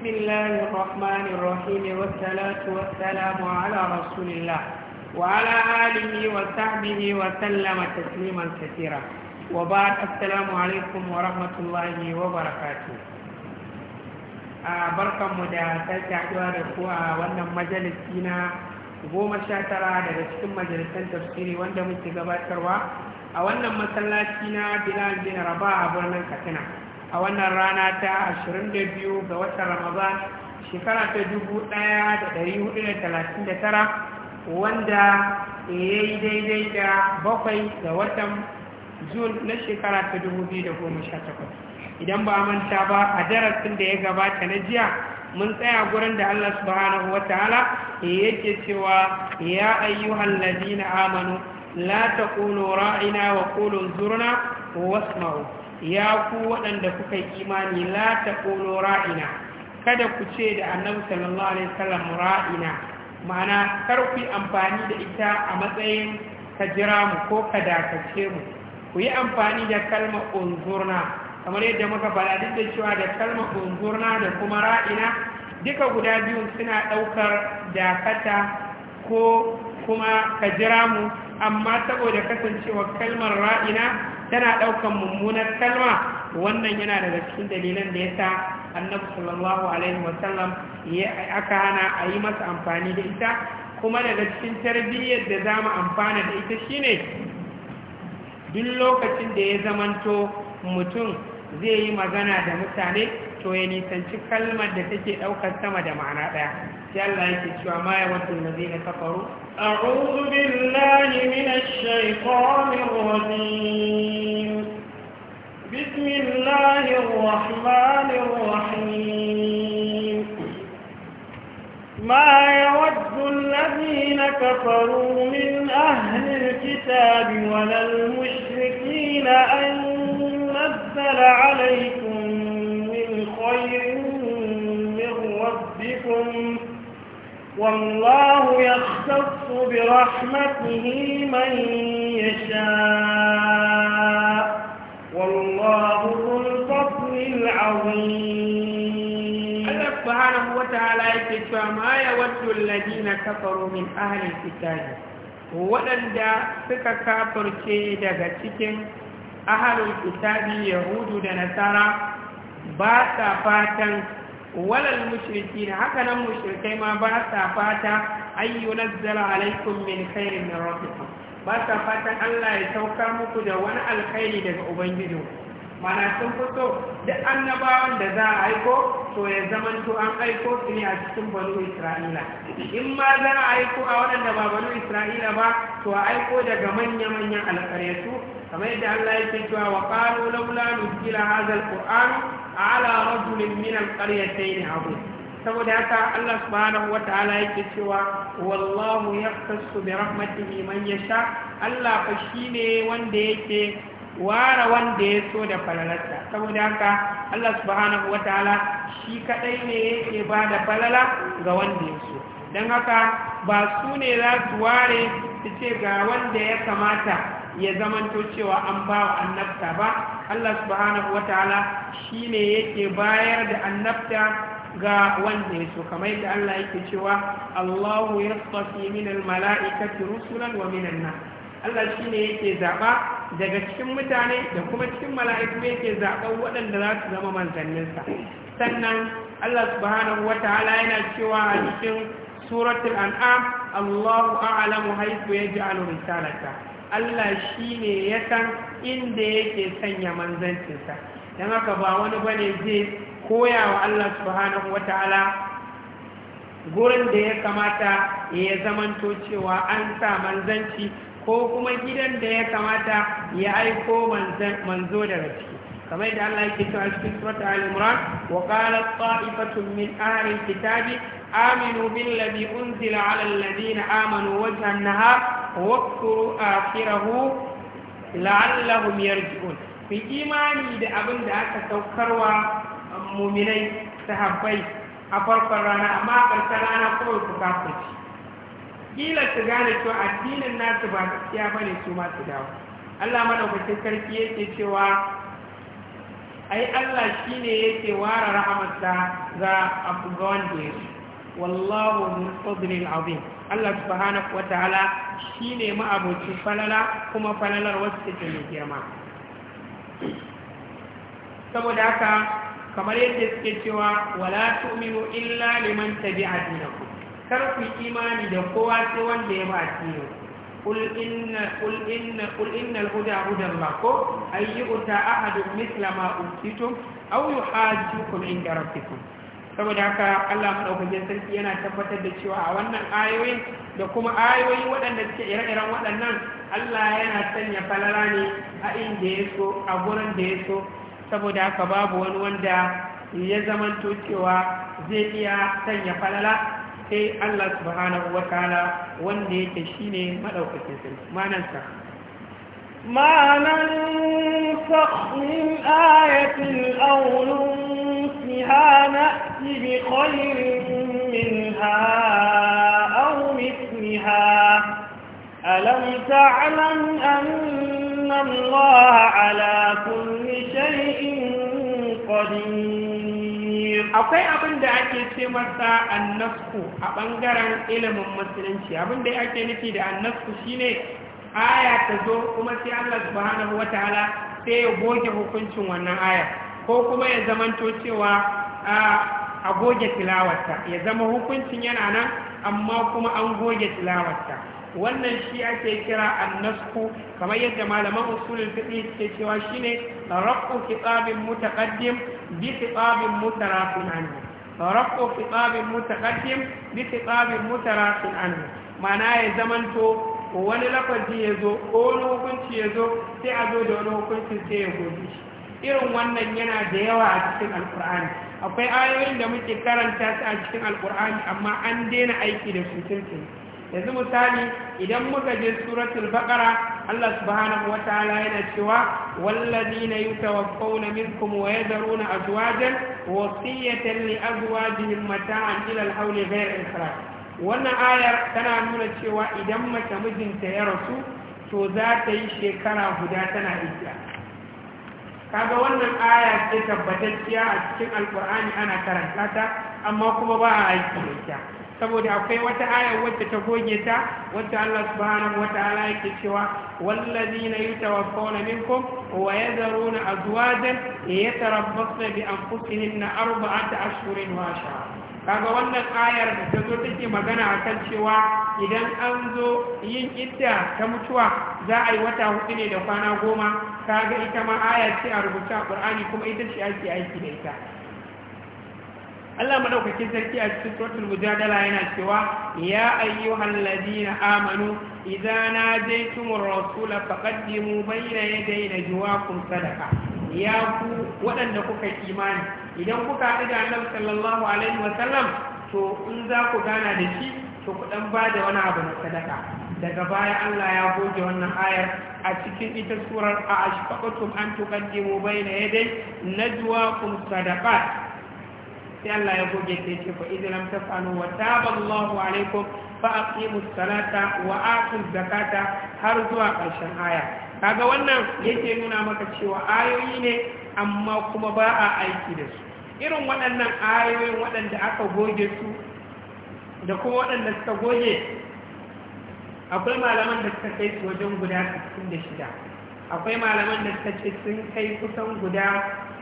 بسم الله الرحمن الرحيم والصلاة والسلام على رسول الله وعلى آله وصحبه وسلم تسليما كثيرا وبعد السلام عليكم ورحمة الله وبركاته barkan mu da sake haɗuwa da ku a wannan majalisi na goma sha tara daga cikin majalisar tafsiri wanda muke gabatarwa a wannan masallaci na bilal bin rabah a birnin katsina a wannan rana ta 22 ga watan ramadan shekara ta 1439 wanda ya yi daidai da bakwai ga watan jun na shekara ta 2018 idan ba manta ba a darasin da ya gabata na jiya mun tsaya gurin da Allah subhanahu wataala yake cewa ya ayyuhan ladina amanu la taqulu ra'ina wa qulu zurna wasma'u ya ku waɗanda kuka yi imani la ta ƙono ra'ina kada ku ce da annabu sallallahu alaihi wasallam ra'ina ma'ana kar ku yi amfani da ita a matsayin ka jira mu ko ka dakace mu ku yi amfani da kalma unzurna kamar yadda muka faɗa duk da cewa da kalma unzurna da kuma ra'ina duka guda biyun suna ɗaukar dakata ko kuma ka jira mu amma saboda kasancewa kalmar ra'ina tana ɗaukan mummunar kalma wannan yana daga cikin dalilan da ya sa annabi sallallahu alaihi wasallam aka hana a yi masa amfani da ita kuma daga cikin tarbiyyar da za mu amfana da ita shine duk lokacin da ya zamanto mutum zai yi magana da mutane to ya nisanci kalmar da take ɗaukar sama da ma'ana ɗaya يلا يتشوى ما يود الذين كفروا أعوذ بالله من الشيطان الرجيم بسم الله الرحمن الرحيم ما يود الذين كفروا من أهل الكتاب ولا المشركين أن نزل عليكم من خير من ربكم والله يختص برحمته من يشاء والله ذو الفضل العظيم الله سبحانه وتعالى يكتب ما يود الذين كفروا من أهل الكتاب waɗanda suka kafirce daga cikin ahalul kitabi yahudu da nasara ba sa fatan walal mushrikin haka nan mushrikai ma ba sa fata ayyuna zala alaikum min khairin min rabbikum ba sa fatan Allah ya sauka muku da wani alkhairi daga ubangiji mana sun fito duk annabawan da za a aiko to ya zaman to an aiko su ne a cikin banu isra'ila in ma za a aiko a waɗanda ba banu isra'ila ba to a aiko daga manya-manyan alkaryatu kamar yadda Allah yake cewa wa qalu laula nuzila hadha alquran ala karya min alqaryatayn abu saboda haka Allah subhanahu wataala yake cewa wallahu yaqtasu bi rahmatihi man yasha Allah fa shine wanda yake ware wanda ya so da falalarsa saboda haka Allah subhanahu wataala shi kadai ne yake ba da falala ga wanda ya so don haka ba su ne za su ware su ce ga wanda ya kamata ya zamanto cewa an ba wa annabta ba Allah subhanahu wataala shine yake bayar da annabta ga wanda ya so kamar yadda Allah yake cewa Allahu yastafi min almalaikati rusulan wa minan Allah shine yake zaba daga cikin mutane da kuma cikin mala'iku yake zaɓar waɗanda za su zama manzanninsa sannan Allah subhanahu wataala yana cewa a cikin suratul an'am Allahu a'lamu haythu yaj'alu risalata Allah shi ne ya san inda yake sanya manzancinsa don haka ba wani bane zai koya wa Allah subhanahu Ta'ala gurin da ya kamata ya zamanto cewa an sa manzanci ko kuma gidan da ya kamata ya aiko manzo daga ciki كما يدعى الله يكتب في سورة آل عمران وقالت طائفة من أهل الكتاب آمنوا بالذي أنزل على الذين آمنوا وجه النهار واكفروا آخره لعلهم يرجعون في إيماني da abin da aka saukarwa muminai sahabbai a farkon rana amma a ƙarshen rana kawai ku kafirci kila su gane cewa addinin nasu ba gaskiya bane su ma su dawo Allah madaukakin sarki yake cewa ai Allah shi ne yake ware rahamarsa ga buga wanda ya wallahu min fadlil azim Allah subhanahu wataala shine ma'abocin falala kuma falalar wacce ke mai girma saboda haka kamar yadda suke cewa wala tu'minu illa liman tabi'a dinakum kar ku imani da kowa sai wanda ya ba addinin قل إن قل إن قل إن الهدى هدى الله أن يؤتى أحد مثل ما أوتيتم أو عند ربكم saboda haka Allah madaukakin sarki yana tabbatar da cewa a wannan ayoyin da kuma ayoyi waɗanda suke ire-iren waɗannan Allah yana sanya falala ne a inda ya so a gurin da ya so saboda haka babu wani wanda ya zamanto cewa zai iya sanya falala sai Allah subhanahu wa ta'ala wanda yake shi ne maɗaukacin sai manansa manan sa'in ayatul aulun fi hana bi khairin minha aw mithliha alam ala kulli shay'in akwai abin da ake ce masa annasku a ɓangaren ilimin musulunci abin da ake nufi da annasku shine aya ta zo kuma sai Allah subhanahu wataala sai ya goge hukuncin wannan aya ko kuma ya zamanto cewa a goge tilawarta ya zama hukuncin yana nan amma kuma an goge tilawarta wannan shi ake kira annasku kamar yadda malaman usulul fiqh suke cewa shine raqqu kitabin mutaqaddim bi kitabin mutaraqin anhu raqqu kitabin mutaqaddim bi kitabin mutaraqin anhu mana ya zamanto wani lafazi ya zo ko wani hukunci ya zo sai a zo da wani hukunci sai ya gobe shi irin wannan yana da yawa a cikin alkur'ani akwai ayoyin da muke karanta su a cikin alkur'ani amma an daina aiki da su tuntun yanzu misali idan muka je suratul baqara Allah subhanahu wataala yana cewa wallazina yutawaffawna minkum wa yadharuna azwajan wasiyatan li azwajihim mata'an ila al-hawl ghayra ikhraj wannan ayar tana nuna cewa idan mace mijinta ya rasu to za ta yi shekara guda tana idda kaga wannan aya ce tabbatacciya a cikin alkur'ani ana karanta ta amma kuma ba a aiki da ita saboda akwai wata ayar wacce ta goge ta wacce Allah subhanahu ta'ala yake cewa wallazina yutawaffawna minkum wa yadharuna azwajan yatarabbasna bi anfusihinna arba'ata ashhurin wa ashara kaga wannan ayar da ta zo take magana akan cewa idan an zo yin idda ta mutuwa za a yi wata hudu ne da kwana goma kaga ita ma aya ce a rubuta a Qur'ani kuma ita ce ake aiki da ita Allah madaukakin sarki a cikin suratul mujadala yana cewa ya ayyuhal ladina amanu idza ar rasula faqaddimu bayna yaday najwaakum sadaqa ya ku waɗanda kuka imani idan kuka haɗu da Annabi sallallahu alaihi wa sallam to in za ku gana da shi to ku dan bada wani abu na sadaka daga baya Allah ya goge wannan ayar a cikin ita surar a ashfaqatum an tuqaddimu bayna yaday najwaakum sadaqat sai Allah ya goge sai ce fa idan lam tafalu wa taballahu alaikum fa aqimus salata wa atuz zakata har zuwa ƙarshen aya kaga wannan yake nuna maka cewa ayoyi ne amma kuma ba a aiki da su irin waɗannan ayoyin waɗanda aka goge su da kuma waɗanda suka goge akwai malaman da suka kai su wajen guda 66 akwai malaman da suka ce sun kai kusan guda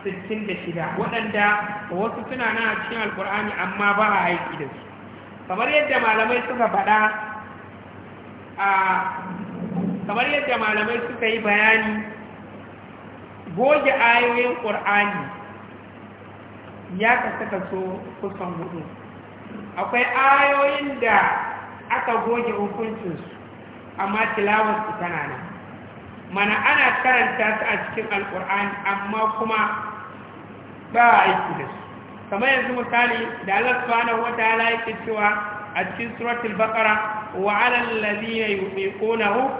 shida, waɗanda wasu suna nan a cikin alkur'ani amma ba a aiki da su kamar yadda malamai suka faɗa a kamar yadda malamai suka yi bayani goge ayoyin ƙur'ani ya kasa kaso kusan hudu akwai ayoyin da aka goge hukuncinsu amma tilawarsu tana nan mana ana karanta su a cikin alkur'ani amma kuma ba a aiki da su kamar yanzu misali da Allah wata wataala laifin cewa a cikin suratul bakara wa 'alal ladina yuqinunahu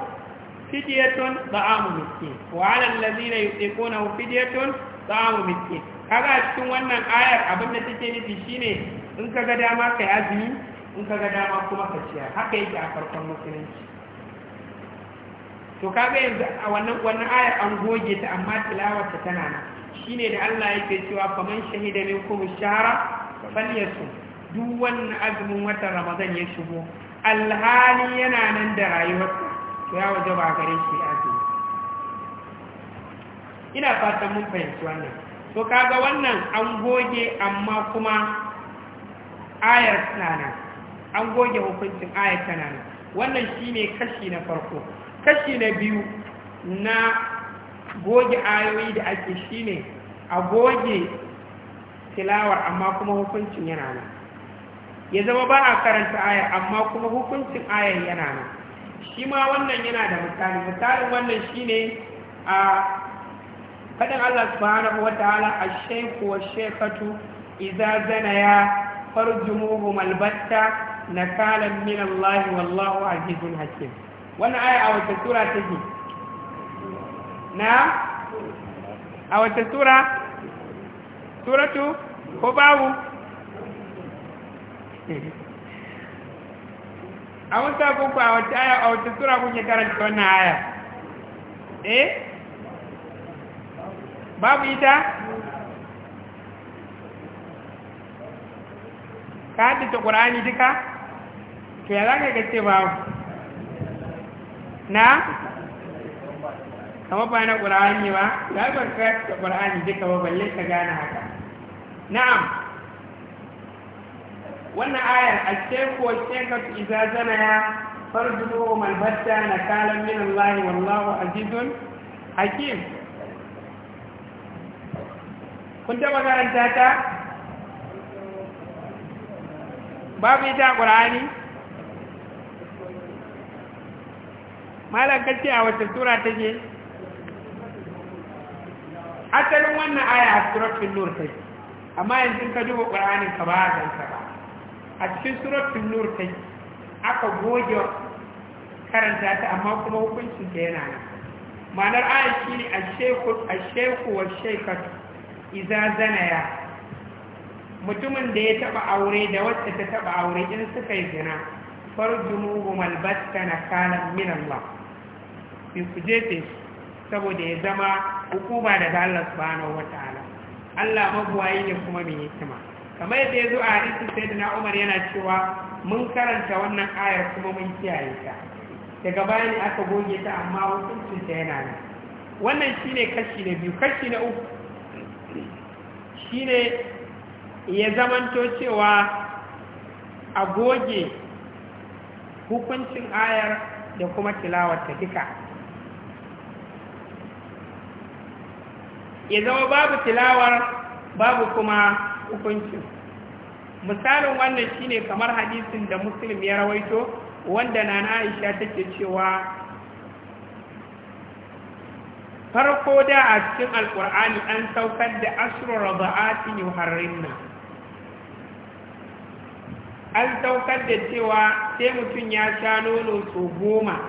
fidyatun ta'amu miskin wa 'alal ladina yuqinunahu fidyatun ta'amu miskin kaga a cikin wannan ayar abin da take nufi shine in ka ga dama yi azumi in ka ga dama kuma ka ciyar haka yake a farkon musulunci to kaga yanzu a wannan wannan ayar an goge ta amma tilawarta tana nan shine da Allah yake cewa faman shahida minkum shahra falyasu duk wannan azumin watan Ramadan ya shigo alhali yana nan da rayuwarsa to ya ba gare shi azumi ina fatan mun fahimci wannan to kaga wannan an goge amma kuma ayar tana nan an goge hukuncin ayar tana nan wannan shine kashi na farko kashi na biyu na goge ayoyi da ake shi ne a goge tilawar amma kuma hukuncin yana nan ya zama ba a karanta ayar amma kuma hukuncin ayar yana nan shi ma wannan yana da misali misalin wannan shi ne a faɗin Allah subhanahu wa ta'ala a shaykhu wa shaykhatu idza zanaya farjumuhum albatta nakalan min Allah wallahu azizun hakim wannan aya a wata sura take na a wata sura suratu ko babu a wata kuku a wata aya a wata sura kuke karanta wannan aya eh babu ita ka haddata ƙura'ani duka to ya za ka gace babu na kama ba na ƙura'ani ba za ka karanta ƙura'ani duka ba balle ka gane haka na'am wannan ayar a teku wa shekatu iza zana ya farduhu malbata na kalan min Allah wallahu azizun hakim kun taɓa karanta ta babu ita ƙura'ani malam kace a wata sura take asalin wannan aya a suratul nur take amma yanzu ka duba qur'anin ka ba ka ba a cikin suratul nur take aka goge karanta ta amma kuma hukuncin ta yana nan ma'anar aya shine ash-shaykhu ash-shaykhu wash-shaykatu idza zanaya mutumin da ya taba aure da wacce ta taba aure in suka yi zina farjumuhum albasta na kalan min Allah fifujefe saboda ya zama hukuma daga Allah subhanahu wata'ala Allah mabuwayi ne kuma mai hikima kamar yadda ya zo a hadisi da Umar yana cewa mun karanta wannan ayar kuma mun kiyaye ta daga bayan aka goge ta amma hukuncin ta yana nan wannan shine kashi na biyu kashi na uku shine ya zamanto cewa a goge hukuncin ayar da kuma tilawar ta duka ya zama babu tilawar babu kuma hukuncin misalin wannan shine kamar hadisin da muslim ya rawaito wanda na aisha take cewa farko da a cikin alkur'ani an saukar da ashirar raba'atin yuharrinna an saukar da cewa sai mutum ya sha nono su goma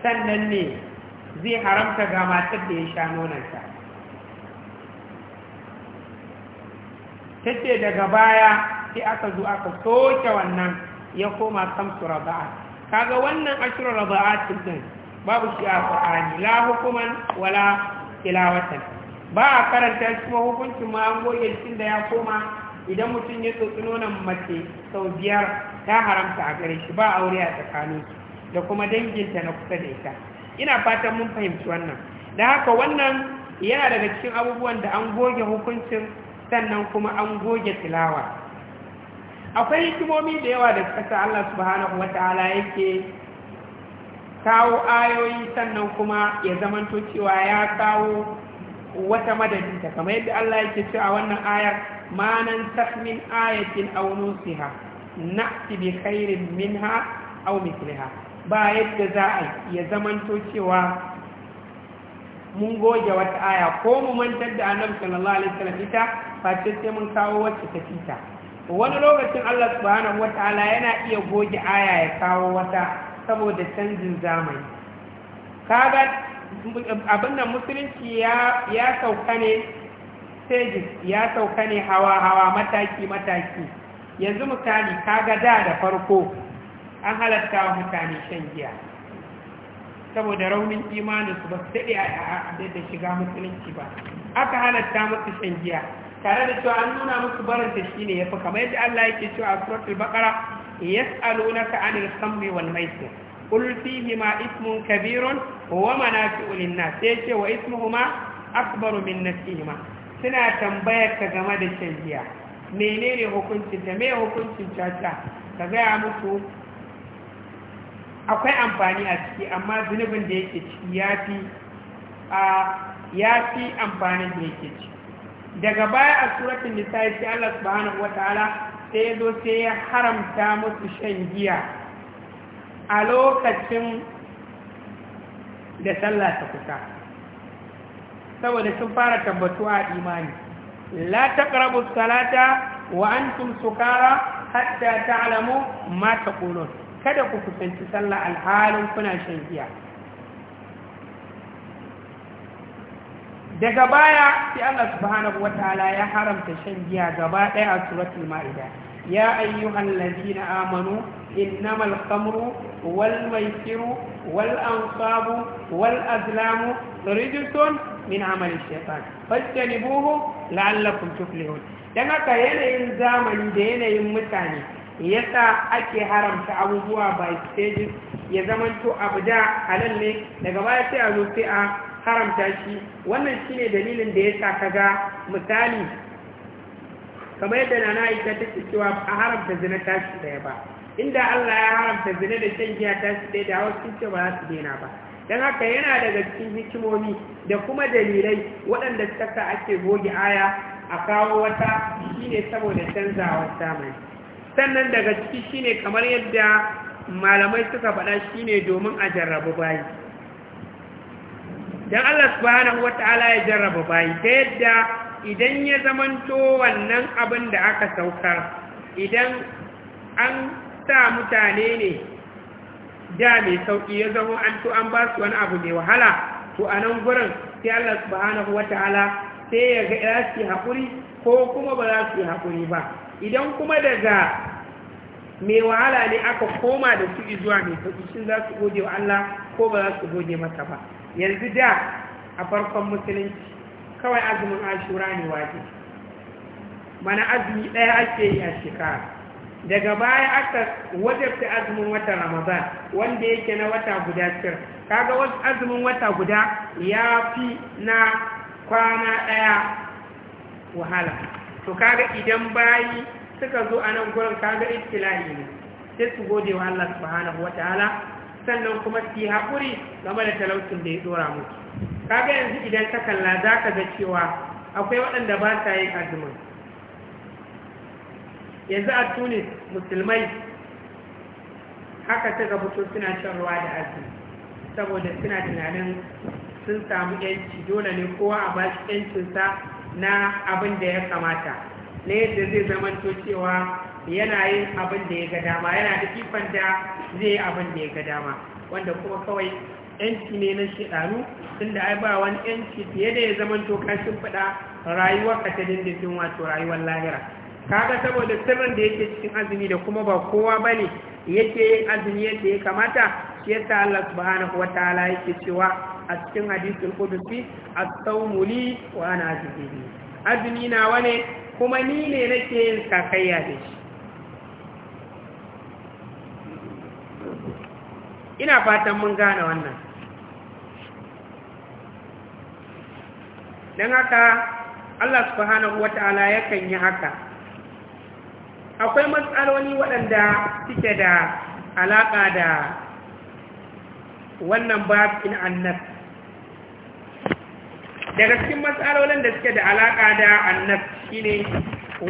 sannan ne zai haramta ga matar da ya sha nononta ta ce daga baya sai aka zo aka soke wannan ya koma kamsu raba'a kaga wannan ashirar raba'a cikin babu shi a ƙwa'ani la hukuman wala tilawatan ba a karanta shi kuma hukuncin ma an goge shi da ya koma idan mutum ya tsotsi nonon mace sau biyar ta haramta a gare shi ba aure a tsakanin da kuma danginta na kusa da ita ina fatan mun fahimci wannan da haka wannan yana daga cikin abubuwan da an goge hukuncin sannan kuma an goge tilawa akwai hikimomi da yawa da suka sa Allah subhanahu wata'ala yake kawo ayoyi sannan kuma ya zamanto cewa ya kawo wata madadinta kamar yadda Allah yake cewa wannan ayar Manan tasmin ayatin aw nusiha na'ti bi khairin minha aw mithliha ba yadda za a ya zamanto cewa mun goge wata aya ko mu mantar da annabi sallallahu alaihi wasallam ita face sai mun kawo wacce ta fita wani lokacin Allah subhanahu wataala yana iya goge aya ya kawo wata saboda canjin zamani kaga abin da musulunci ya ya sauka ne stages ya sauka ne hawa hawa mataki mataki yanzu misali kaga da da farko an halatta mutane shan giya saboda raunin imaninsu ba su daɗe a da shiga musulunci ba aka halatta musu shan giya tare da cewa an nuna musu baranta shi ne ya fi kamar yadda Allah yake cewa a suratul baqara yas'alunaka anil khamri wal maisir qul ma ismun kabirun wa manafi'u lin nas sai ce wa ismuhuma akbaru min ima suna tambayar ka game da shan giya menene hukuncin ta me hukuncin caca ka gaya musu akwai amfani a ciki amma zunubin da yake ciki ya fi amfani da yake ciki daga baya a suratun yi sai Allah subhanahu wataala sai ya zo sai ya haramta musu shan giya a lokacin da sallah ta kusa saboda sun fara tabbatuwa a imani la taqrabu salata wa antum sukara hatta ta'lamu ma taqulun kada ku kusanci sallah alhalin kuna shan giya daga baya sai Allah subhanahu wataala ya haramta shan giya gaba ɗaya a suratul ma'ida ya ayyuhan na amanu innamal khamru wal maisiru wal ansabu wal azlamu rijsun min amali shaytan fajtanibuhu la'allakum tuflihun dan haka yanayin zamani da yanayin mutane yasa ake haramta abubuwa by stages ya zamanto abu da halal ne daga baya sai a zo sai a haramta shi wannan shine dalilin da yasa kaga misali kamar yadda nana aisha take cewa a haramta zina ta shi daya ba inda Allah ya haramta zina da shan giya ta daya da sun ce ba za su daina ba don haka yana daga cikin hikimomi da kuma dalilai waɗanda suka ake goge aya a kawo wata shine saboda canzawar zamani sannan daga ciki shine kamar yadda malamai suka faɗa shine domin a jarrabu bayi don Allah subhanahu wata'ala ya jarrabu bayi ta yadda idan ya zamanto wannan abin da aka saukar idan an sa mutane ne da mai sauƙi ya zama an to an ba su wani abu mai wahala to a nan gurin sai Allah subhanahu wata'ala sai ya ga ya su haƙuri ko kuma ba za su yi haƙuri ba idan kuma daga mai wahala ne aka koma da su zuwa mai sauƙi shin za su goge wa Allah ko ba za su goge masa ba yanzu da a farkon musulunci kawai azumin ashura ne waje mana azumi ɗaya ake yi a shekara daga baya aka wajarta azumin wata ramadan wanda yake na wata guda cir kaga wasu azumin wata guda ya fi na kwana ɗaya wahala to kaga idan bayi suka zo a nan gurin kaga ittilahi ne sai su gode wa Allah subhanahu wataala sannan kuma su yi haƙuri game da talaucin da ya dora musu kaga yanzu idan ka kalla za ka ga cewa akwai waɗanda ba sa yin azumin yanzu a tunis musulmai haka ta fito suna shan ruwa da azumi saboda suna tunanin sun samu yanci dole ne kowa a ba shi yancinsa na abin da ya kamata na yadda zai zamanto cewa yana yin abin da ya ga dama yana da kifan da zai yi abin da ya ga dama wanda kuma kawai yanci ne na shidanu tunda da ba wani yanci fiye da ya zamanto kashin fada rayuwar ka ta dindindin wato rayuwar lahira kaga saboda sirrin da yake cikin azumi da kuma ba kowa ba ne yake yin azumi yadda ya kamata shi yasa Allah subhanahu wataala yake cewa a cikin hadisul kudusi as-sawmu wa ana ajibi azumi na wane kuma ni ne nake yin kakayya da shi ina fatan mun gane wannan dan haka Allah subhanahu wata'ala yakan yi haka akwai matsaloli waɗanda suke da alaƙa da wannan babin annabi daga cikin matsalolin da suke da alaƙa da annab shi ne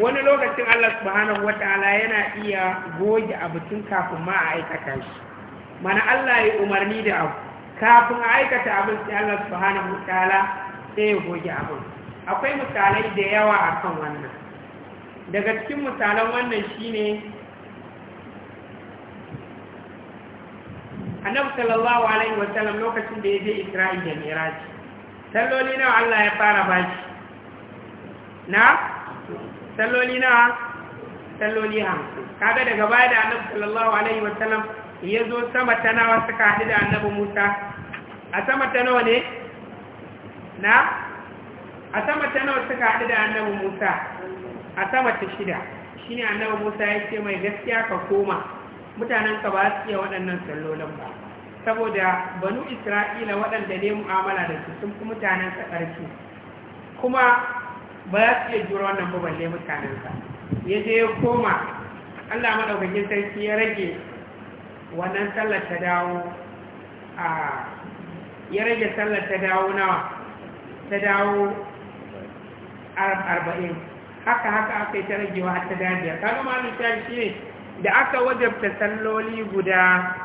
wani lokacin Allah subhanahu ta'ala yana iya goge abu tun kafin ma a aikata shi mana Allah ya umarni da abu kafin a aikata abin sai Allah subhanahu ta'ala sai ya goge abu akwai misalai da yawa akan wannan daga cikin misalan wannan shi ne annabi sallallahu alaihi wasallam lokacin da ya je Isra'il da Mi'raj salloli nawa Allah ya fara baki na salloli nawa salloli hamsin kaga daga baya da annabi sallallahu alaihi wasallam ya zo sama ta nawa suka haɗu da annabi musa a sama ta nawa ne na a sama ta nawa suka haɗu da annabi musa a sama ta shida shi ne annabi musa ya ce mai gaskiya ka koma mutanenka ba su iya waɗannan sallolin ba saboda banu isra'ila waɗanda ne mu'amala da su sun fi mutanen ƙarfi kuma ba za su iya jura wannan ba balle mutanen ya je ya koma Allah maɗaukakin sarki ya rage wannan sallar ta dawo a ya rage sallar ta dawo nawa ta dawo arba'in haka haka aka yi ta ragewa ta dajiya kaga ma shi ne da aka wajabta salloli guda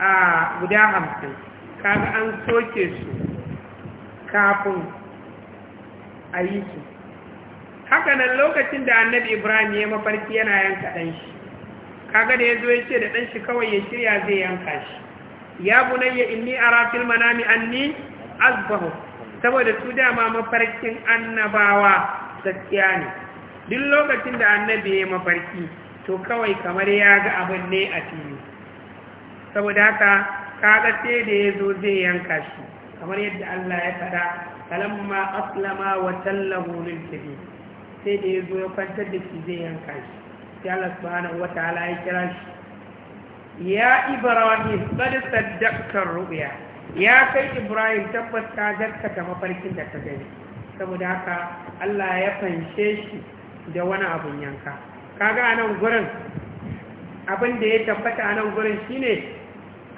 a guda hamsin kaga an soke su kafin a yi su hakanan lokacin da annabi ibrahim ya mafarki yana yanka ɗan shi kaga da ya zo ya ce da ɗan shi kawai ya shirya zai yanka shi ya bunayya inni a rafin manami ni azbahu saboda su dama mafarkin annabawa gaskiya ne duk lokacin da annabi ya mafarki to kawai kamar ya ga abin ne a fili saboda haka kaga sai da ya zo zai yanka shi kamar yadda Allah ya faɗa kalamma aslama wa tallahu lil kibir sai da ya zo ya kwantar da shi zai yanka shi sai Allah subhanahu wataala ya kira shi ya ibrahim qad saddaqta ru'ya ya kai ibrahim tabbas ka gaskata mafarkin da ta gani saboda haka Allah ya fanshe shi da wani abun yanka kaga anan gurin abin da ya tabbata anan gurin shine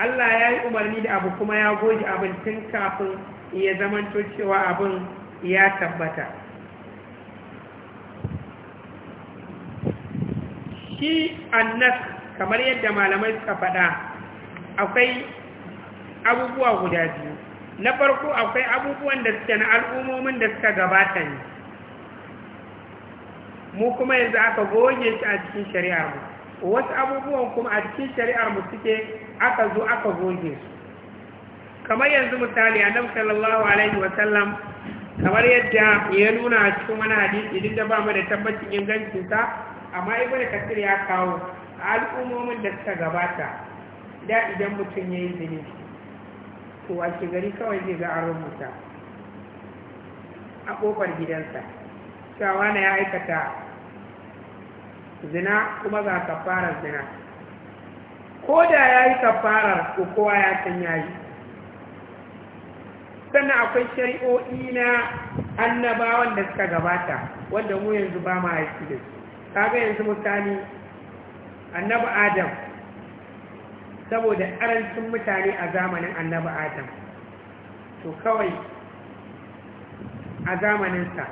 Allah ya yi umarni da abu kuma ya goge abin tun kafin ya zamanto cewa abin ya tabbata shi annas kamar yadda malamai suka faɗa akwai abubuwa guda biyu na farko akwai abubuwan da suke na al'ummomin da suka gabata ne mu kuma yanzu aka goge shi a cikin shari'ar mu wasu abubuwan kuma a cikin shari'ar mu suke aka zo aka goge su kamar yanzu misali annabi sallallahu alaihi wa sallam kamar yadda ya nuna a cikin wani hadisi duk da ba da tabbacin ingancin sa amma ibnu kasir ya kawo a al'ummomin da suka gabata da idan mutum ya yi zini to ke gari kawai zai ga an rubuta a kofar gidansa cewa ya aikata zina kuma ga kafarar zina ko da ya yi kafarar ko kowa ya san ya yi sannan akwai shari'o'i na annabawan da suka gabata wanda mu yanzu ba ma aiki da su kaga yanzu mutane annabi adam saboda ƙarancin mutane a zamanin annabi adam to kawai a zamaninsa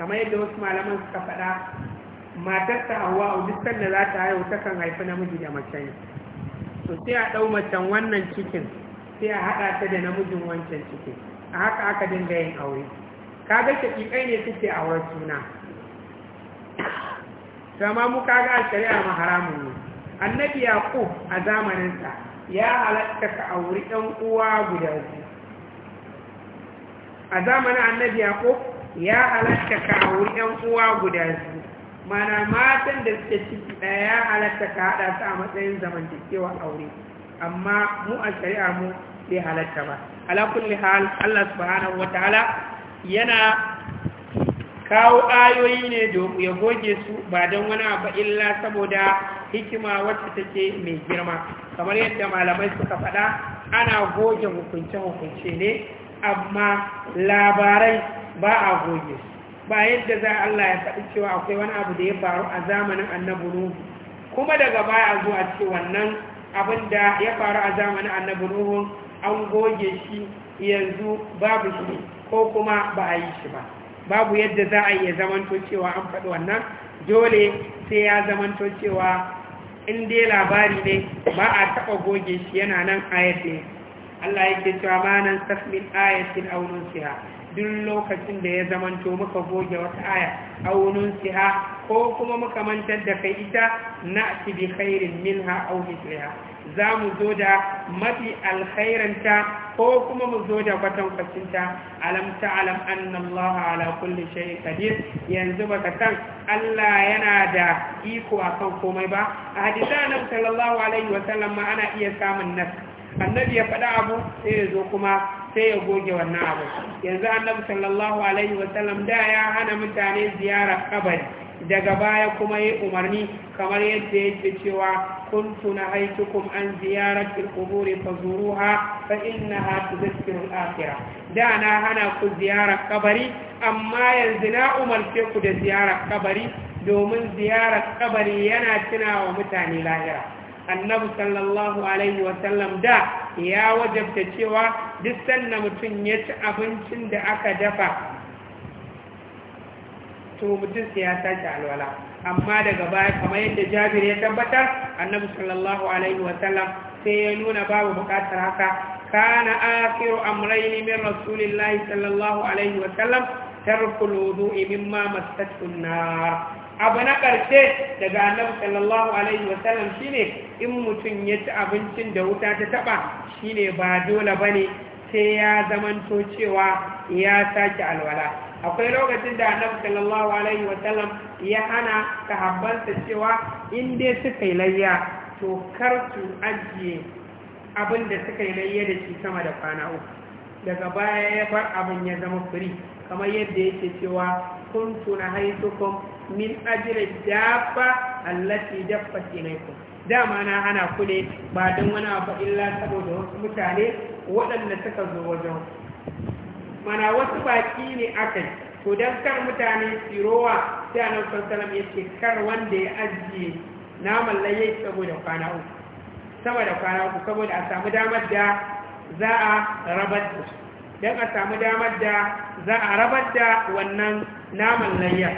kamar yadda wasu malaman suka faɗa matar ta hawa a dukkan da za ta haihu takan haifi namiji da mace ne to sai a ɗau macen wannan cikin sai a haɗa ta da namijin wancan cikin a haka aka dinga yin aure kaga shaƙiƙai ne suke a wurin suna sama mu kaga a shari'a a haramun ne annabi Yaƙo a zamaninsa ya halatta ka auri ɗan uwa guda biyu a zamanin annabi yaqub ya halatta ka auri ɗan uwa guda biyu mana matan da suke ciki ɗaya ya halatta ka haɗa su a matsayin zamantakewa aure amma mu a shari'a mu bai halatta ba ala kulli hal Allah subhanahu ta'ala yana kawo ayoyi ne ya goge su ba don wani abu illa saboda hikima wacce take mai girma kamar yadda malamai suka faɗa ana goge hukunce-hukunce ne amma labarai ba a goge su ba yadda za Allah ya faɗi cewa akwai wani abu da ya faru a zamanin annabi Nuhu kuma daga baya zuwa ce wannan abin da ya faru a zamanin annabi Nuhu an goge shi yanzu babu shi ko kuma ba a yi shi ba babu yadda za a iya zamanto cewa an faɗi wannan dole sai ya zamanto cewa in dai labari ne ba a taɓa goge shi yana nan a yadda Allah yake cewa ma nan safmin ayatin aunin siya duk lokacin da ya zamanto muka goge wata aya aunin siha ko kuma muka mantar da kai ita na bi khairin minha aw mithliha za mu zo da mafi alkhairanta ko kuma mu zo da kwatankwacinta alam ta'alam ala kulli shay'in kadir. yanzu ka san Allah yana da iko akan komai ba a hadisan nan, sallallahu alaihi wa sallam ma ana iya samun nas annabi ya faɗa abu sai ya zo kuma sai ya goge wannan abu yanzu annabi sallallahu alaihi wasallam da ya hana mutane ziyarar kabari daga baya kuma ya umarni kamar yadda yake cewa kuntu nahaitukum an ziyarati al-quburi fazuruha fa innaha tudhkiru al-akhirah da na hana ku ziyarar kabari amma yanzu na umarce ku da ziyarar kabari domin ziyarar kabari yana tunawa mutane lahira annabi sallallahu alaihi wasallam da ya wajabta cewa duk sanna mutum ya ci abincin da aka dafa to mutum sai ya saki alwala amma daga baya kamar yadda jabir ya tabbatar annabi sallallahu alaihi wasallam sai ya nuna babu bukatar haka kana akhiru amrayn min rasulillahi sallallahu alaihi wasallam tarkul wudu'i mimma massatun nar abu na ƙarshe daga annabi sallallahu alaihi wasallam shine in mutum ya ci abincin da wuta ta taba shine ba dole bane sai ya zamanto cewa ya sake alwala akwai lokacin da annabi sallallahu alaihi wasallam ya hana sahabbansa cewa in dai suka yi layya to kar su ajiye abin da suka yi layya da shi sama da kwana uku daga baya ya bar abin ya zama firi kamar yadda yake cewa kuntu nahaitukum min ajli dabba dafa daffat ilaykum dama na hana ku ne ba don wani abu illa saboda wasu mutane waɗanda suka zo wajen mana wasu baki ne aka yi Ko don kar mutane tsirowa sai a nan sassalam ya ce kar wanda ya ajiye naman laye saboda kwana uku saboda kwana uku saboda a samu damar da za a rabar da su don a samu damar da za a rabar da wannan naman layyar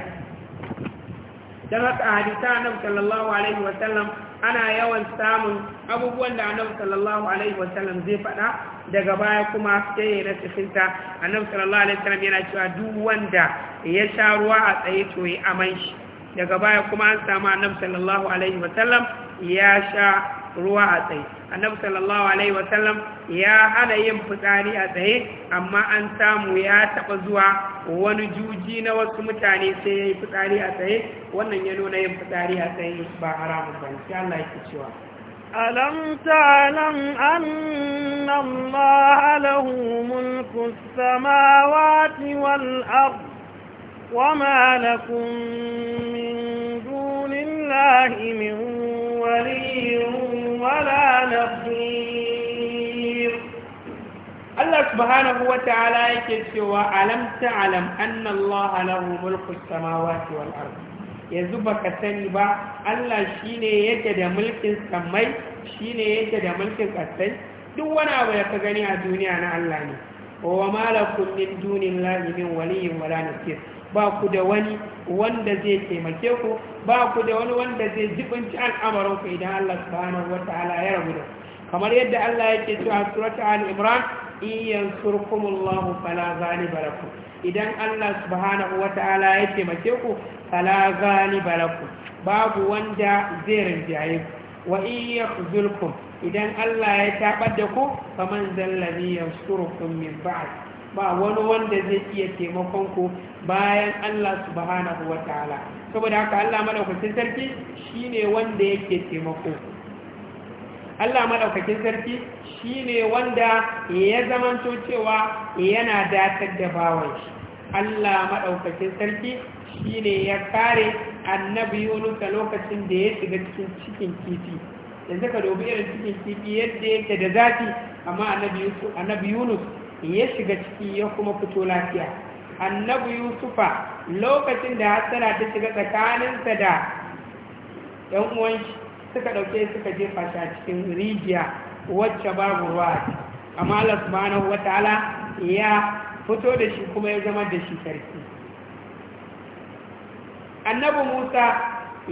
don haka a hadita annabi sallallahu alaihi wasallam ana yawan samun abubuwan da annabi sallallahu alaihi wasallam zai faɗa daga baya kuma sai ya na sifinta annabi sallallahu alaihi wasallam yana cewa duk wanda ya sha ruwa a tsaye to ya aman shi daga baya kuma an samu annabi sallallahu alaihi wasallam ya sha ruwa a tsaye annabi sallallahu alaihi wasallam ya hana yin fitsari a tsaye amma an samu ya taba zuwa wani juji na wasu mutane sai ya yi fitsari a tsaye wannan ya nuna yin fitsari a tsaye ba haramun ba sai Allah yake cewa alam ta'lam أن الله mulku samawati wal ardh وما لكم من دون الله من ولي ولا نصير الله سبحانه وتعالى يكتشوى ألم تعلم أن الله له ملك السماوات والأرض yanzu baka sani ba Allah shine yake da mulkin sammai shine yake da mulkin ƙasai duk wani abu ya ka gani a duniya na Allah ne wa malakum min dunillahi min waliyyin wala nasir ba ku da wani wanda zai taimake ku ba ku da wani wanda zai jibinci al'amarin ku idan Allah subhanahu wata'ala ya rabu da kamar yadda Allah yake cewa a suratul al-imran in yansurkumullahu fala ghaliba lakum idan Allah subhanahu wata'ala ya taimake ku fala ghaliba lakum babu wanda zai rinjaye ku wa in yakhzulkum idan Allah ya tabar da ku faman zallazi yansurukum min ba'd ba wani wanda zai iya taimakon ku bayan Allah subhanahu wa ta'ala saboda haka Allah madaukakin sarki shine wanda yake taimako Allah madaukakin sarki shine wanda ya zamanto cewa yana datar da bawan shi Allah madaukakin sarki shine ya kare annabi Yunus lokacin da ya shiga cikin cikin kifi yanzu ka dubi irin cikin kifi yadda yake da zafi amma annabi Yunus ya shiga ciki ya kuma fito lafiya annabi yusufa lokacin da hassana ta shiga tsakaninsa da yan uwanshi suka ɗauke suka jefa shi a cikin rijiya wacce babu ruwa amma Allah subhanahu wataala ya fito da shi kuma ya zama da shi sarki annabi Musa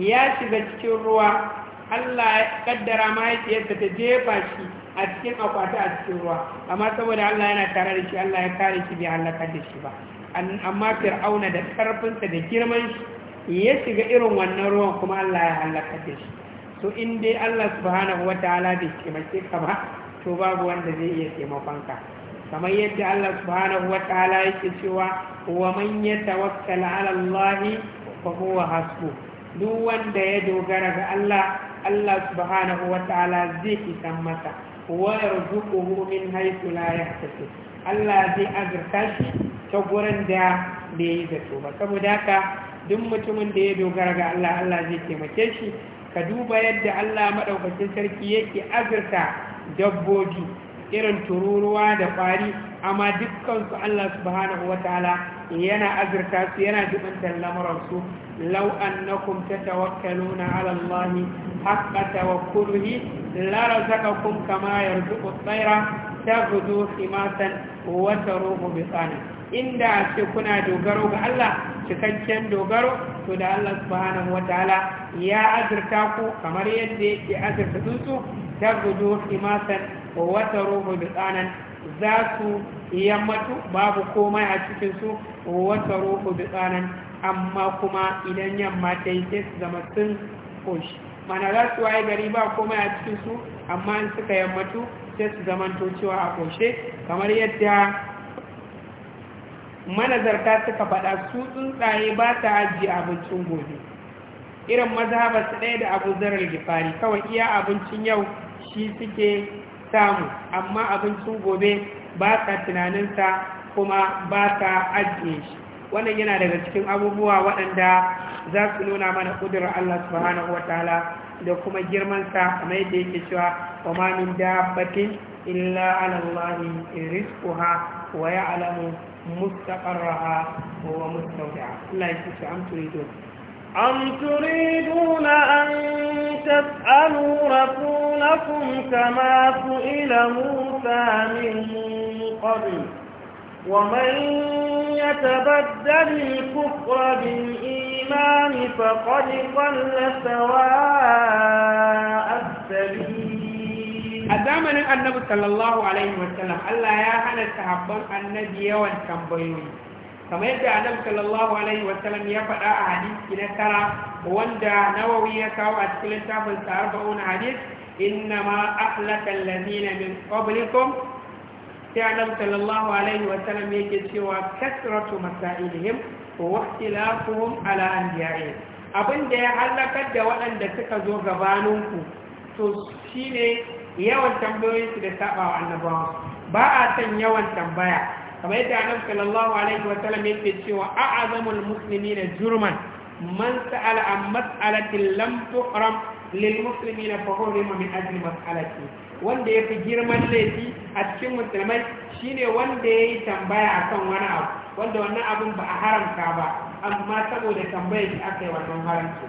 ya shiga cikin ruwa Allah ya kaddara mahaifiyarsa ta jefa shi a cikin akwati a cikin ruwa amma saboda Allah yana tare da shi Allah ya kare shi bai halaka da shi ba amma fir'auna da ƙarfinsa da girman shi ya shiga irin wannan ruwan kuma Allah ya halaka da shi to in dai Allah subhanahu wataala bai taimake ka ba to babu wanda zai iya taimakon ka kamar yadda Allah subhanahu wataala yake cewa wa man yatawakkal ala Allah fa huwa hasbu duk wanda ya dogara ga Allah Allah subhanahu wataala zai isan masa wa yarzuquhu min haythu la yahtasib Allah zai azurta shi ta gurin da ya yi zato ba saboda haka duk mutumin da ya dogara ga Allah Allah zai taimake shi ka duba yadda Allah maɗaukacin sarki yake azurta dabbobi irin tururuwa da kwari amma dukkansu Allah subhanahu wataala yana azurta su yana dubantar lamuransu lau annakum tatawakkaluna ala Allah haqqa tawakkulihi la razaqakum kama yarzuqu at-tayra taghdu khimatan wa taruhu bi tsanin inda ce kuna dogaro ga Allah cikakken dogaro to da Allah subhanahu ta'ala ya azurta ku kamar yadda yake azurta tsuntsu ta gudu himasan wa wata ruhu tsanan za su yammatu babu komai a cikinsu wa wata ruhu tsanan amma kuma idan yamma ta yi sai su zama sun koshi mana za su waye gari ba komai a cikinsu amma in suka yammatu sai su zamanto cewa a koshe kamar yadda manazarta suka faɗa su tsuntsaye ba ta ajiye abincin gobe irin mazhabar su ɗaya da abu zarar gifari kawai iya abincin yau shi suke samu amma abincin gobe ba sa tunaninsa kuma ba sa ajiye shi wannan yana daga cikin abubuwa waɗanda za su nuna mana ƙudurar Allah subhanahu wa ta'ala da kuma girmansa kamar yadda yake cewa wa ma min dabbatin illa ala Allah rizquha wa ya'lamu مستقرها هو مستودع لا يكفي أم تريدون أم تريدون أن تسألوا رسولكم كما سئل موسى من قبل ومن يتبدل الكفر بالإيمان فقد ضل سواء السبيل a zamanin annabi sallallahu alaihi wasallam Allah ya hana sahabban annabi yawan tambayoyi kamar yadda annabi sallallahu alaihi wasallam ya faɗa a hadisi na tara wanda nawawi ya kawo a cikin littafin sa arba'un hadis innama ahlaka allazina min qablikum sai annabi sallallahu alaihi wasallam yake cewa kasratu masailihim wa ihtilafuhum ala anbiya'ihim abin da ya halakar da waɗanda suka zo gabaninku to shine yawan tambayoyinsu da saba wa annabawa ba a san yawan tambaya kamar yadda annabi sallallahu alaihi wa sallam yake cewa a'azamul muslimina jurman man sa'ala an mas'alatin lam tuqram lil muslimina fa hurima min ajli mas'alati wanda yafi girman laifi a cikin musulmai shine wanda yayi tambaya akan wani abu wanda wannan abin ba a haramta ba amma saboda tambayar shi aka yi wannan haramta.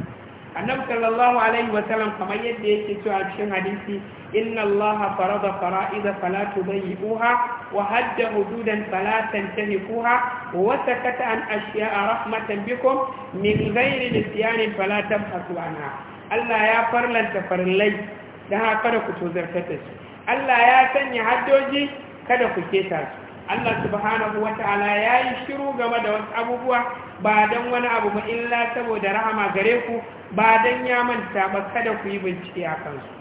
annabi sallallahu alaihi wa sallam kamar yadda yake cewa a cikin hadisi inna allaha farada fara'ida fala tudayyi'uha wa hadda hududan fala tantahiquha wa sakata an ashya'a rahmatan bikum min ghairi nisyan fala tabhasu anha Allah ya farlanta farillai dan haka da ku tozarta Allah ya sanya haddoji kada ku keta su Allah subhanahu wa ta'ala ya yi shiru game da wasu abubuwa ba don wani abu ba illa saboda rahama gare ku ba don ya manta ba kada ku yi bincike a kansu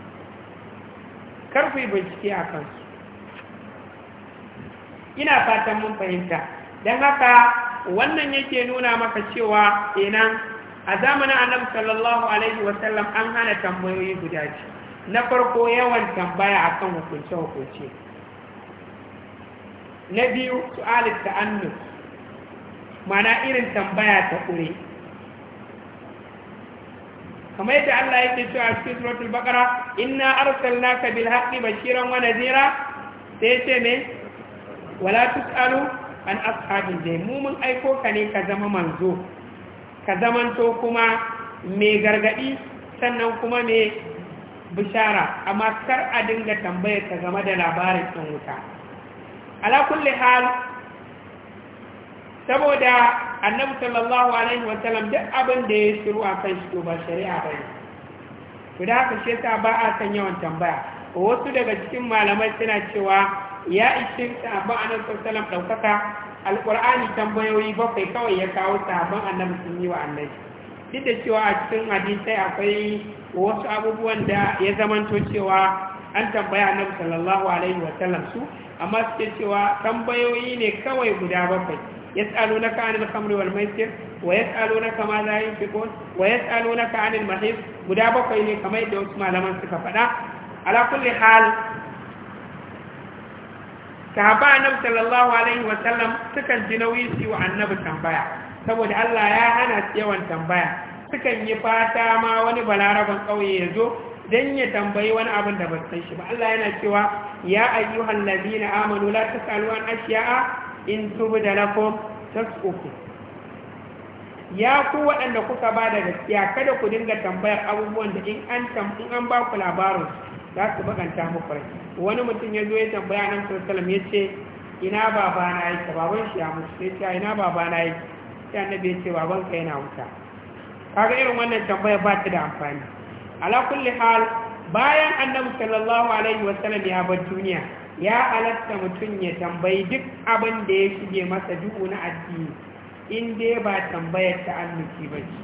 kar ku yi bincike a kansu ina fatan mun fahimta don haka wannan yake nuna maka cewa inan a zamanin annabi sallallahu alaihi wasallam an hana tambayoyi guda ce na farko yawan tambaya akan hukunce-hukunce na biyu su'alit annu, mana irin tambaya ta ƙure kamar yadda Allah yake cewa a cikin suratul baqara inna arsalnaka bil haqqi bashiran wa nadhira sai ce ne wala tusalu an ashabin jahim mu mun aiko ka ne ka zama manzo ka zamanto kuma mai gargaɗi, sannan kuma mai bishara amma kar a dinga tambayar ka game da labarin ɗan wuta ala kulli hal saboda annabi sallallahu alaihi wa sallam duk abin da ya shiru a kan shi ba shari'a ba ne to da haka shi yasa ba a san yawan tambaya wasu daga cikin malamai suna cewa ya ishe a annabi sallallahu alaihi wa ɗaukaka alƙur'ani tambayoyi bakwai kawai ya kawo sahabban annabi sun yi wa annabi duk da cewa a cikin hadisai akwai wasu abubuwan da ya zamanto cewa an tambaya annabi sallallahu alaihi wa sallam su amma suke cewa tambayoyi ne kawai guda bakwai yas'alunaka anil khamri wal maisir wa yas'alunaka ma la yunfiqun wa yas'alunaka anil mahid guda bakwai ne kamar yadda wasu malaman suka faɗa ala kulli hal sahaba annabi sallallahu alaihi wa sallam sukan ji nauyi su wa annabi tambaya saboda Allah ya hana su yawan tambaya sukan yi fata ma wani balaraban ƙauye ya zo dan ya tambayi wani abin da ba san shi ba Allah yana cewa ya ayyuhan ladina amanu la tasalu an asya'a in tubda lakum tas'uku ya ku waɗanda kuka ba da gaskiya kada ku dinga tambayar abubuwan da in an tambu an ba ku labarin za su bakanta muku rai wani mutum ya zo ya tambaya nan sallallahu alaihi ya ce ina babana yake baban shi ya mutu sai ce ina babana yi sai annabi ya ce babanka yana wuta kaga irin wannan tambaya ba ta da amfani ala kulli hal bayan annabi sallallahu alaihi wasallam ya bar duniya ya alatta mutum ya tambayi duk abin da ya shige masa duhu na addini in dai ba tambayar ta'annuki ba ce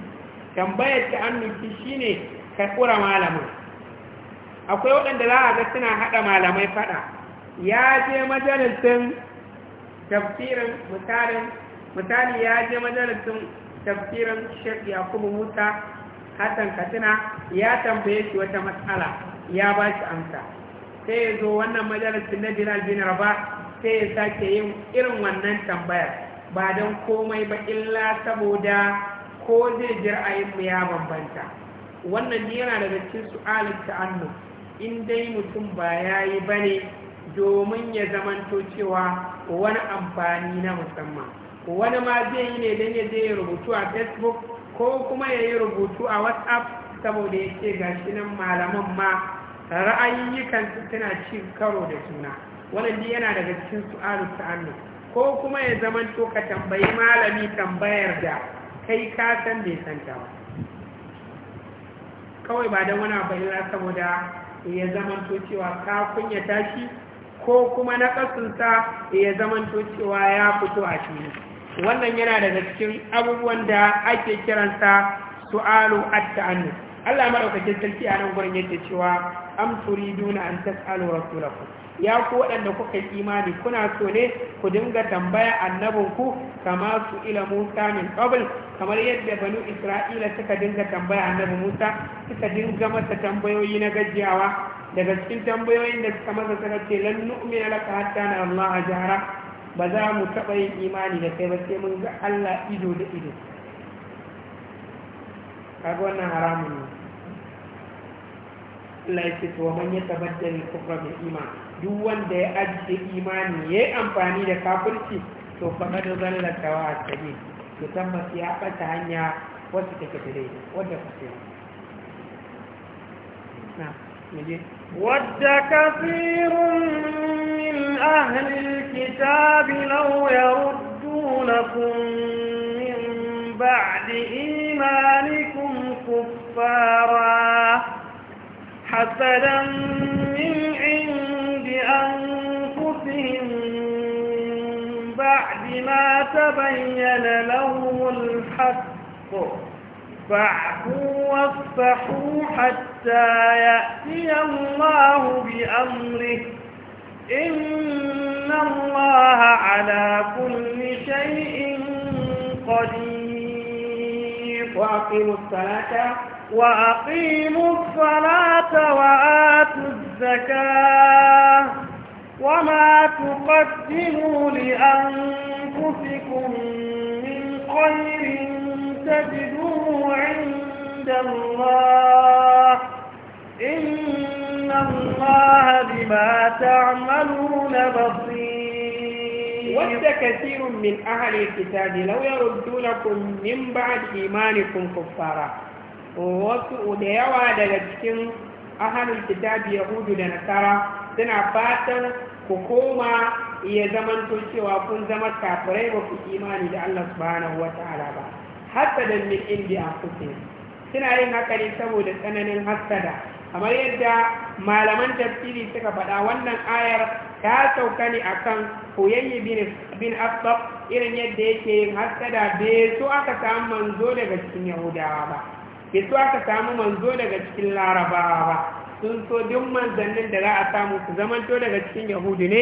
tambayar ta'annuki shine ka kura malamin akwai waɗanda za a ga suna haɗa malamai faɗa ya je majalisin tafsirin misalin misali ya je majalisin tafsirin shek yakubu musa Hassan Katsina ya tambaye shi wata matsala ya ba shi amsa sai ya zo wannan majalisin na Bilal bin raba sai ya sake yin irin wannan tambayar ba don komai ba illa saboda ko zai a mu ya bambanta wannan yana daga cikin su'alin ta'annu in dai mutum ba ya yi ba ne domin ya zamanto cewa wani amfani na musamman wani ma zai yi ne don ya ya rubutu a facebook ko kuma ya yi rubutu a whatsapp saboda ya ce gashi nan malaman ma ra'ayyukan tana ci karo da juna wadanda yana daga cikin su'alu ta'annu ko kuma ya zama to ka tambayi malami tambayar da kai ka san bai san ta kawai ba don wani abu illa saboda ya zama to cewa ka kunya tashi ko kuma na kasunsa ya zama to cewa ya fito a shi ne. wannan yana daga cikin abubuwan da ake kiransa su'alu at-ta'annu Allah madaukakin sarki a nan gurin yake cewa am turiduna an tas'alu rasulakum ya ku waɗanda kuka yi imani kuna so ne ku dinga tambaya annabinku kama su ila Musa min qabl kamar yadda banu Isra'ila suka dinga tambaya annabi Musa suka dinga masa tambayoyi na gajiyawa daga cikin tambayoyin da suka masa suka ce lan nu'mina laka hatta na Allah jahara ba za mu taɓa yin imani da kai ba sai mun ga Allah ido da ido kaga wannan haramun ne Allah yake to man ya tabaddal kufra bil iman duk wanda ya ajiye imani ya yi amfani da kafirci to fa kad zalla tawa asali to tabbas ya bata hanya wasu take da wanda kake na ود كثير من أهل الكتاب لو يردونكم من بعد إيمانكم كفارا حسدا من عند أنفسهم من بعد ما تبين لهم الحق فاعفوا واصفحوا حتى يأتي الله بأمره إن الله على كل شيء قدير وأقيموا الصلاة وأقيموا الصلاة وآتوا الزكاة وما تقدموا لأنفسكم عند الله إن الله بما تعملون بصير ود كثير من أهل الكتاب لو يردونكم wasu da daga cikin ahalin kitabi yahudu da nasara suna fatan ku koma iya zamanto cewa kun zama kafirai ba ku imani da Allah subhanahu wa ta'ala ba hatta da min indi a kuke suna yin haka ne saboda tsananin hassada, kamar yadda malaman tafsiri suka faɗa wannan ayar ta sauka ne akan koyayye bin asbab irin yadda yake yin hassada, bai so aka samu manzo daga cikin yahudawa ba bai so aka samu manzo daga cikin larabawa ba sun so duk manzannin da za a samu su zamanto daga cikin yahudu ne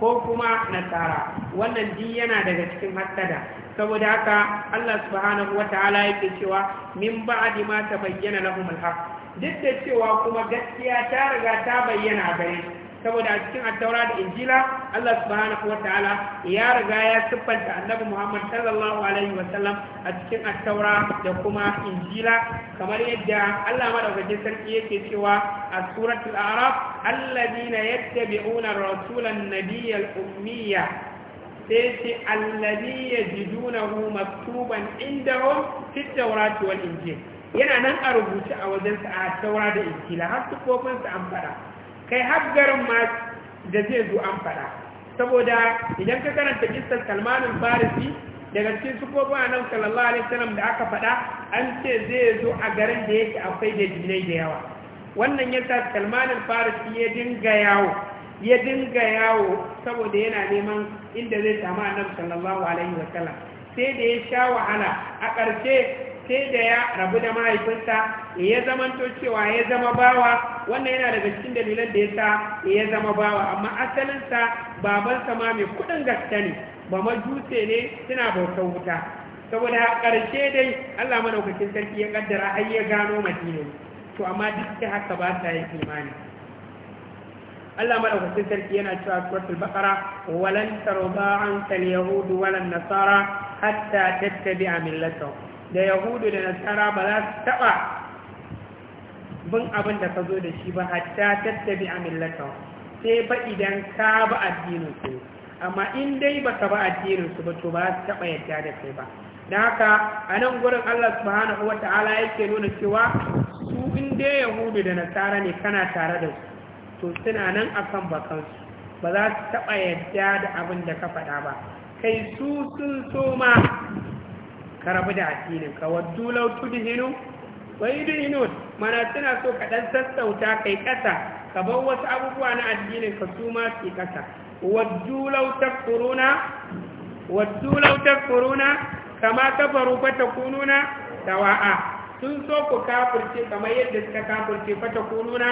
ko kuma nasara wannan din yana daga cikin hassada saboda haka Allah subhanahu wata'ala yake cewa min ba'di ma tabayyana lahum al-haq duk da cewa kuma gaskiya ta riga ta bayyana gare su saboda a cikin attaura da injila Allah subhanahu wataala ya riga ya siffanta annabi Muhammad sallallahu alaihi wasallam a cikin attaura da kuma injila kamar yadda Allah madaukakin sarki yake cewa a suratul a'raf alladhina yattabi'una ar-rasula an-nabiyya al-ummiyya sai ce allazi yajidunahu maktuban indahum fi tawrati wal injil yana nan a rubuce a wajen sa a taura da injila har su kofin sa an fada kai har garin ma da zai zo an fada saboda idan ka karanta kissar salmanin Farisi daga cikin sufofin nan sallallahu alaihi wasallam da aka faɗa an ce zai zo a garin da yake akwai da da yawa wannan yasa salmanin al-Farisi ya dinga yawo ya dinga yawo saboda yana neman inda zai samu annabi sallallahu alaihi wa sallam sai da ya sha wahala a ƙarshe sai da ya rabu da mahaifinsa ya to cewa ya zama bawa wannan yana daga cikin dalilan da ya sa ya zama bawa amma asalinsa babansa ma mai kuɗin gaske ne ba ma dutse ne suna bautar wuta saboda a ƙarshe dai Allah madaukakin sarki ya kaddara har ya gano madina to amma duk da haka ba sa yin imani Allah madaukakin sarki yana cewa suratul baqara walan tarda an kal yahud walan nasara hatta tattabi'a millatahum da yahudu da nasara ba za su taba bin abin da ka zo da shi ba hatta tattabi'a millatahum sai ba idan ka ba addinin su amma in dai baka ba addinin su ba to ba su taba yadda da kai ba da haka a nan gurin Allah subhanahu wata'ala yake nuna cewa su in dai yahudu da nasara ne kana tare da su to suna nan akan bakansu ba za su taɓa yadda da abin da ka faɗa ba kai su sun so ma ka rabu da asinin ka waddu lau tudhinu wa yudhinun mana suna so ka ɗan sassauta kai ƙasa ka bar wasu abubuwa na addinin ka su ma su ƙasa waddu lau tafkuruna kama ka faru fata kununa, fatakununa sun so ku kafirce kamar yadda suka kafirce kununa,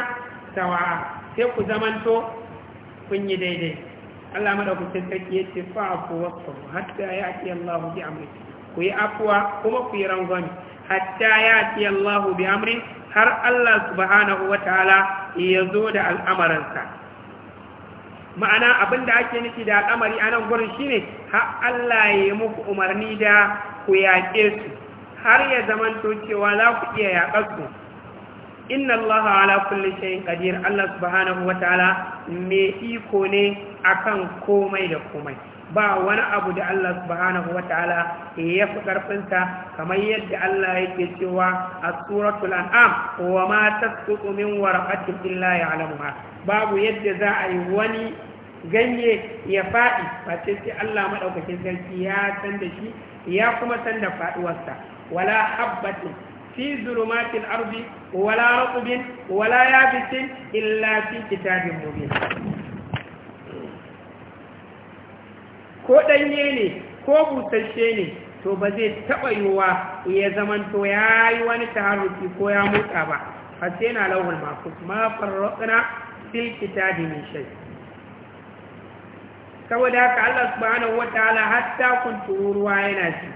sawa'a sai ku zamanto kun yi daidai Allah madaukakin sarki ya ce fa'afu wasfu hatta ya'ti Allah bi amri ku yi afwa kuma ku yi rangwami hatta ya'ti Allah bi amri har Allah subhanahu wataala ya zo da al'amaransa ma'ana abinda ake nufi da al'amari a nan gurin shine har Allah ya yi muku umarni da ku yaƙe su har ya zamanto cewa za ku iya yaƙar su inna Allah ala kulli shay'in qadir Allah subhanahu wataala me iko ne akan komai da komai ba wani abu da Allah subhanahu wataala ya fi karfinsa kamar yadda Allah yake cewa a suratul an'am wa ma tasqutu min waraqatin illa ya'lamuha babu yadda za a yi wani ganye ya faɗi face sai Allah madaukakin sarki ya san da shi ya kuma san da faɗuwarsa wala habbatin في ظلمات ardi ولا raqbin wala يابس إلا في كتاب مبين ko ɗanye ne ko busasshe ne to ba zai taɓa yiwuwa ya zamanto ya yi wani taharuki ko ya motsa ba a sai na lauhul mafus ma farraɗina fil kitabi min shai saboda haka Allah subhanahu ta'ala hatta kun tururuwa yana shi.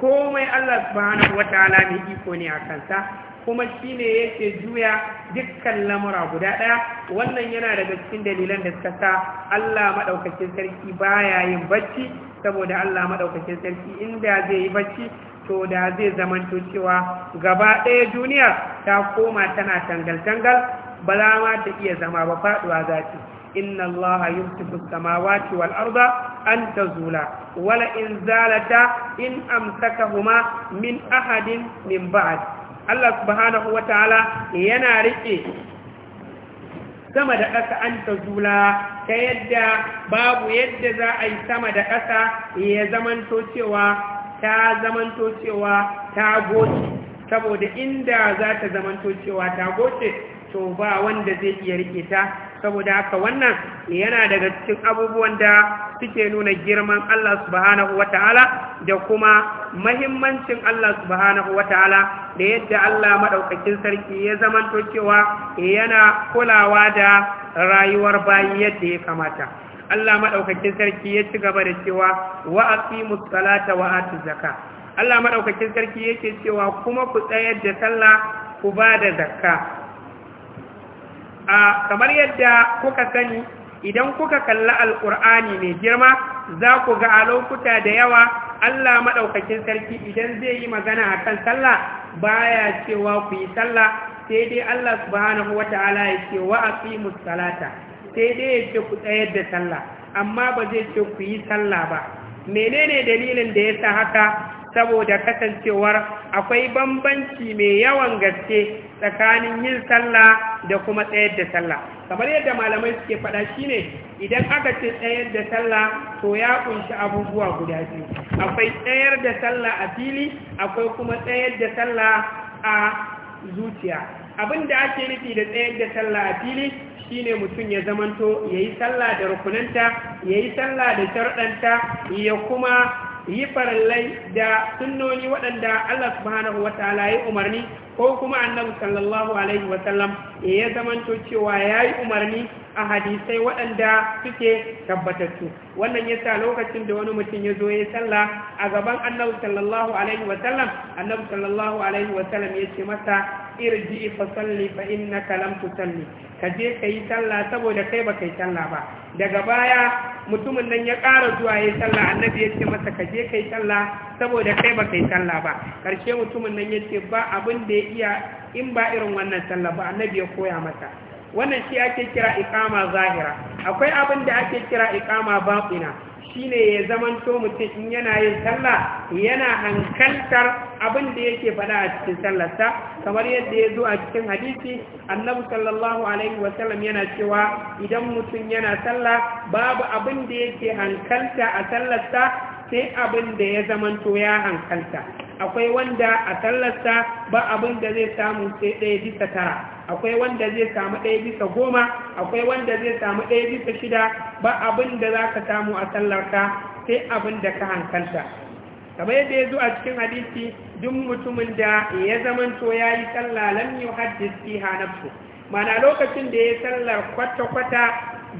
komai Allah subhanahu wataala mai iko ne a kansa kuma shi ne yake juya dukkan lamura guda ɗaya wannan yana daga cikin dalilan da suka sa Allah Maɗaukacin sarki baya yin bacci saboda Allah Maɗaukacin sarki inda zai yi bacci to da zai zamanto cewa gaba ɗaya duniya ta koma tana tangal-tangal ba za ma ta iya zama ba faɗuwa zafi inna allaha yumsiku samawati wal arda an tazula wala in zalata in amsakahuma min ahadin min ba'd Allah subhanahu wa ta'ala yana rike sama da ƙasa an ta zula ta yadda babu yadda za a yi sama da ƙasa ya zamanto cewa ta zamanto cewa ta goce saboda inda za ta zamanto cewa ta goce to ba wanda zai iya rike ta saboda haka wannan yana daga cikin abubuwan da suke nuna girman Allah subhanahu ta'ala da kuma mahimmancin Allah subhanahu ta'ala da yadda Allah maɗaukakin sarki ya zamanto cewa yana kulawa da rayuwar bayi yadda ya kamata Allah madaukakin sarki ya ci gaba da cewa wa aqimus salata wa Allah madaukakin sarki yake cewa kuma ku tsayar da sallah ku ba da zakka kamar yadda kuka sani idan kuka kalla alkur'ani mai girma za ku ga a lokuta da yawa Allah maɗaukakin sarki idan zai yi magana a kan sallah baya cewa ku yi sallah sai dai Allah subhanahu wa ta'ala ya ce wa aqimus salata sai dai ya ce ku tsayar da sallah amma ba zai ce ku yi sallah ba menene dalilin da ya sa haka saboda kasancewar akwai bambanci mai yawan gaske tsakanin yin sallah da kuma tsayar da sallah kamar yadda malamai suke faɗa shine idan aka ce tsayar da sallah to ya kunshi abubuwa guda biyu akwai tsayar da sallah a fili akwai kuma tsayar da sallah a zuciya abin da ake nufi da tsayar da sallah a fili shine mutum ya zamanto yi sallah da rukunanta ya yi sallah da sharɗanta ya kuma yi farallai da sunnoni waɗanda Allah subhanahu wa ta'ala ya umarni ko kuma annabi sallallahu alaihi wa sallam ya zamanto cewa ya yi umarni a hadisai waɗanda suke tabbatattu wannan ya sa lokacin da wani mutum ya zo ya sallah a gaban annabi sallallahu alaihi wa sallam annabi sallallahu alaihi wa sallam ya ce masa irji fa salli fa innaka lam tusalli ka je kai talla saboda kai ba kai talla ba daga baya mutumin nan ya ƙara zuwa yayin salla annabi ya ce masa ka je kai talla saboda kai baka yi talla ba karshe mutumin nan ya ce ba abin da ya iya in ba irin wannan sallah ba annabi ya koya masa wannan shi ake kira ikama zahira akwai abin da ake kira ikama batina shine ya zamanto mutum in yana yin sallah yana hankaltar abin da yake faɗa a cikin sallarsa kamar yadda ya zo a cikin hadisi annabi sallallahu alaihi wasallam yana cewa idan mutum yana sallah babu abin da yake hankalta a sallarsa sai abin da ya zamanto ya hankalta akwai wanda a sallarsa ba abin da zai samu sai ɗaya bisa tara akwai wanda zai samu ɗaya bisa goma akwai wanda zai samu ɗaya bisa shida ba abin da za ka samu a sallarka sai abin da ka hankalta kamar yadda ya zo a cikin hadisi duk mutumin da ya zamanto ya yi sallah lam yi haddis fi hanafsu mana lokacin da ya sallar kwata-kwata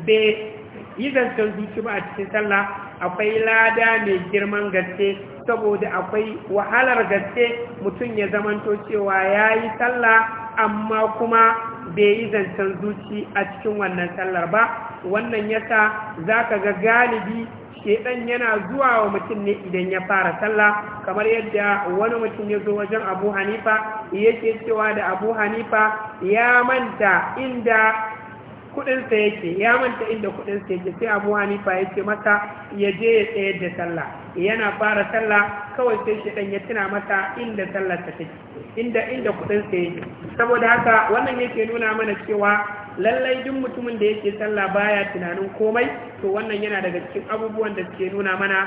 bai yi zancen zuci ba a cikin sallah akwai lada mai girman gaske saboda akwai wahalar gaske mutum ya zamanto cewa ya yi sallah amma kuma bai yi zancen zuci a cikin wannan sallar ba wannan yasa za ka ga galibi shedan yana zuwa wa mutum ne idan ya fara sallah kamar yadda wani mutum ya zo wajen abu hanifa yake cewa da abu hanifa ya manta inda kudinsa yake ya manta inda kudinsa yake sai abu hanifa yake masa ya je ya tsayar da sallah yana fara sallah kawai sai shedan ya tuna masa inda sallar ta take inda inda kudin sai saboda haka wannan yake nuna mana cewa lallai duk mutumin da yake sallah baya tunanin komai to wannan yana daga cikin abubuwan da suke nuna mana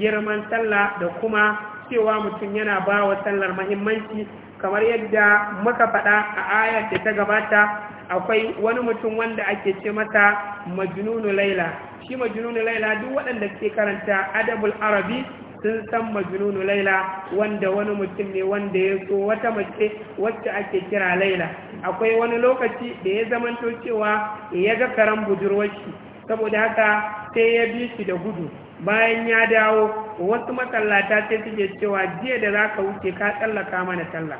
girman sallah da kuma cewa mutum yana ba wa sallar muhimmanci kamar yadda muka faɗa a ayar da ta gabata akwai wani mutum wanda ake ce mata majnunu laila shi majnunu laila duk waɗanda suke karanta adabul arabi sun san majnunu laila wanda wani mutum ne wanda ya so wata mace wacce ake kira laila akwai wani lokaci da ya zamanto cewa ya ga karan budurwarshi saboda haka sai ya bi shi da gudu bayan ya dawo wasu masallata sai suke cewa jiya da za ka wuce ka tsallaka mana sallah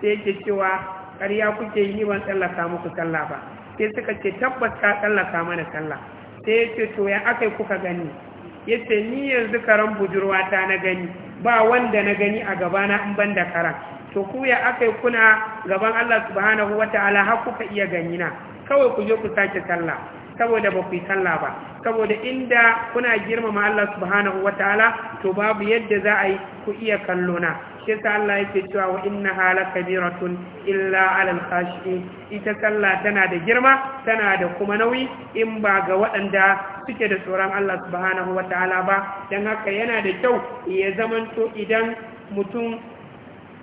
sai yake cewa ƙarya kuke yi ban tsallaka muku sallah ba sai suka ce tabbas ka tsallaka mana sallah sai ya ce to ya aka kuka gani ya ce ni yanzu karen budurwata na gani ba wanda na gani a gabana in ban da karen to ku ya aka kuna gaban Allah subhanahu wata'ala har kuka iya gani na kawai ku je ku sake sallah saboda ba ku yi sallah ba saboda inda kuna girmama Allah subhanahu wata'ala to babu yadda za a yi ku iya kallona. shi yasa Allah yake cewa wa inna hala kabiratun illa alal khashi ita sallah tana da girma tana da kuma nauyi in ba ga waɗanda suke da tsoron Allah subhanahu wataala ba dan haka yana da kyau ya zamanto idan mutum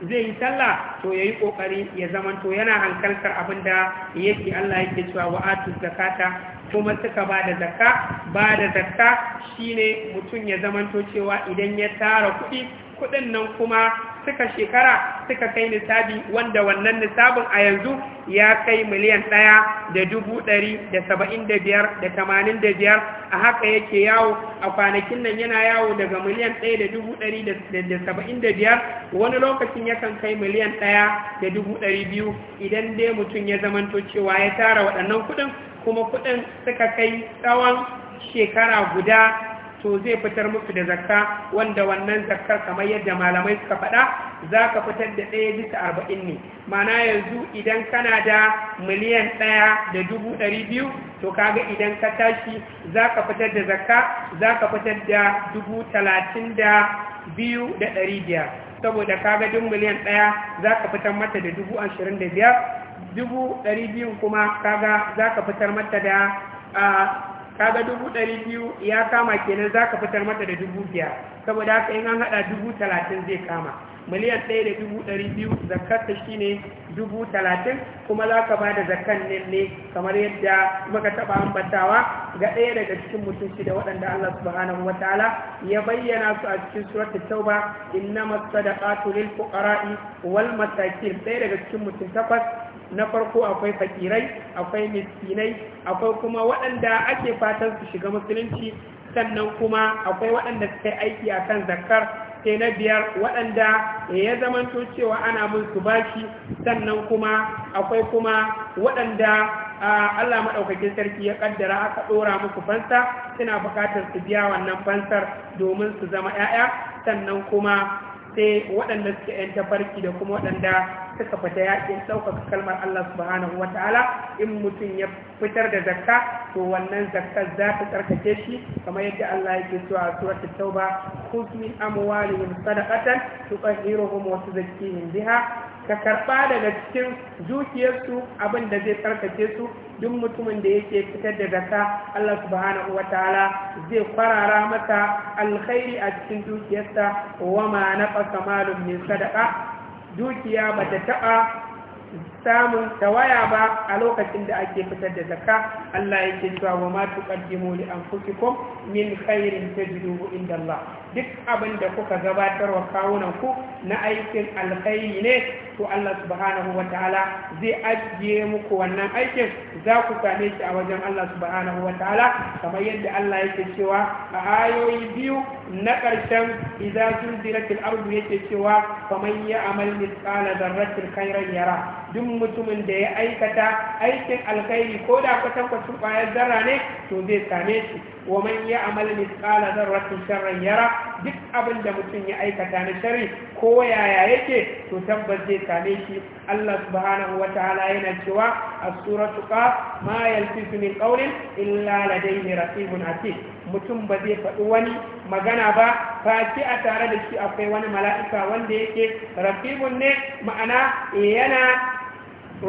zai yi sallah to yayi kokari ya zamanto yana hankaltar abinda yake Allah yake cewa wa atu zakata kuma suka ba da zakka ba da zakka shine mutum ya zamanto cewa idan ya tara kuɗi kuɗin nan kuma suka shekara suka kai nisabi wanda wannan nisabin a yanzu ya kai miliyan ɗaya da dubu ɗari da saba'in da biyar da tamanin da biyar a haka yake yawo a kwanakin nan yana yawo daga miliyan ɗaya da dubu ɗari da saba'in da biyar wani lokacin yakan kai miliyan ɗaya da dubu ɗari biyu idan dai mutum ya zamanto cewa ya tara waɗannan kuɗin kuma kuɗin suka kai tsawon shekara guda to zai fitar musu da zakka wanda wannan zakkar kamar yadda malamai suka faɗa za ka fitar da ɗaya bisa arba'in ne mana yanzu idan kana da miliyan ɗaya da dubu ɗari biyu to kaga idan ka tashi za ka fitar da zakka za ka fitar da dubu talatin da biyu da ɗari biyar saboda kaga duk miliyan ɗaya za ka fitar mata da dubu ashirin da biyar dubu ɗari biyun kuma kaga za ka fitar mata da ah, kaga dubu ɗari biyu ya kama kenan za ka fitar mata da dubu biyar saboda haka in an haɗa dubu talatin zai kama miliyan ɗaya da dubu ɗari biyu zakarta shi ne dubu talatin kuma za ka ba da zakar nan ne kamar yadda muka taɓa ambatawa ga ɗaya daga cikin mutum da waɗanda Allah subhanahu wa ta'ala ya bayyana su a cikin suratul tauba da sadaqatu lil fuqara'i wal masakin ɗaya daga cikin mutum takwas na farko akwai fakirai akwai miskinai akwai kuma waɗanda ake fatan su shiga musulunci sannan kuma akwai waɗanda suka yi aiki a kan zakar sai na biyar waɗanda ya zamanto cewa ana mun su bashi sannan kuma akwai kuma waɗanda Allah maɗaukakin sarki ya ƙaddara aka ɗora musu fansa suna buƙatar su biya wannan fansar domin su zama 'ya'ya sannan kuma sai waɗanda suke ‘yan tafarki da kuma waɗanda suka fita yaƙin ɗaukaka kalmar Allah subhanahu wa ta'ala in mutum ya fitar da zakka to wannan zakka za ta tsarkake shi kamar yadda Allah yake cewa a ta tauba su min hero sadaqatan wasu zaki yin biha ka karɓa daga cikin zuciyarsu abin da zai tsarkake su duk mutumin da yake fitar da zakka Allah subhanahu wataala zai kwarara mata alkhairi a cikin dukiyarsa wa ma naqasa malun min sadaqa dukiya bata taɓa samun tawaya ba a lokacin da ake fitar da jaka? Allah yake cewa wa ma tuqaddimu li anfusikum min khairin tajiduhu inda Allah duk abin da kuka gabatar wa kawunan ku na aikin alkhairi ne to Allah subhanahu wataala zai ajiye muku wannan aikin za ku same shi a wajen Allah subhanahu wataala kamar yadda Allah yake cewa a ayoyi biyu na karshen idza zulzilatil ardu yake cewa faman ya'mal mithqala dharratin khairan yara duk mutumin da ya aikata aikin alkhairi ko da kwatankwacin bayan zarra ne to zai same shi wa man ya amala misqala zarratin sharran yara duk abin da mutum ya aikata na sharri ko yaya yake to tabbas zai same shi Allah subhanahu wa ta'ala yana cewa a suratu ka ma yalfizu min qawlin illa ladayhi raqibun atid mutum ba zai faɗi wani magana ba face a tare da shi akwai wani mala'ika wanda yake raqibun ne ma'ana yana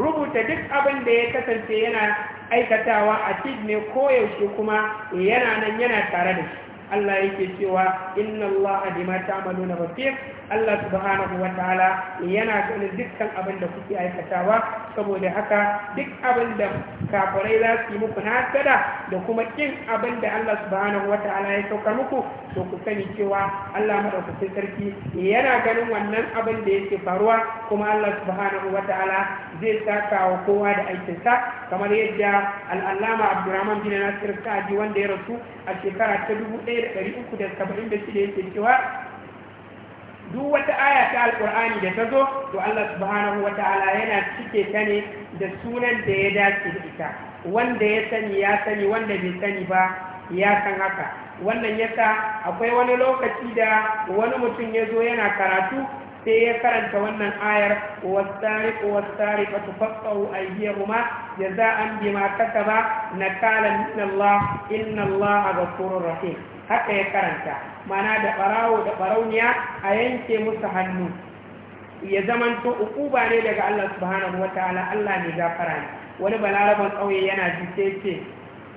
rubuta duk abin da ya kasance yana aikatawa a ne koyaushe kuma yana nan yana tare da shi Allah yake cewa inna Allah bima ta'maluna basir Allah subhanahu wataala yana ganin dukkan abin da kuke aikatawa saboda haka duk abin da kafirai za su yi muku hasada da kuma kin abin da Allah subhanahu wataala ya saukar muku to ku sani cewa Allah madaukakin sarki yana ganin wannan abin da yake faruwa kuma Allah subhanahu wataala zai saka wa kowa da aikinsa kamar yadda al'allama Abdurrahman bin Nasir Sa'di wanda ya rasu a shekara ta 1000 1376 yake duk wata aya ta alkur'ani da ta zo to Allah subhanahu wa ta'ala yana cike ta ne da sunan da ya dace da ita wanda ya sani ya sani wanda bai sani ba ya san haka wannan yasa akwai wani lokaci da wani mutum ya zo yana karatu sai ya karanta wannan ayar wasari wasariq fa tuqatta'u aydiyahuma jaza'an bima kasaba nakalan min Allah inna Allah ghafurur rahim haka ya karanta mana da barawo da barauniya a yanke musu hannu ya zamanto ukuba ne daga Allah subhanahu Ta'ala, Allah ne gafara ne wani balaraban kauye yana ji ce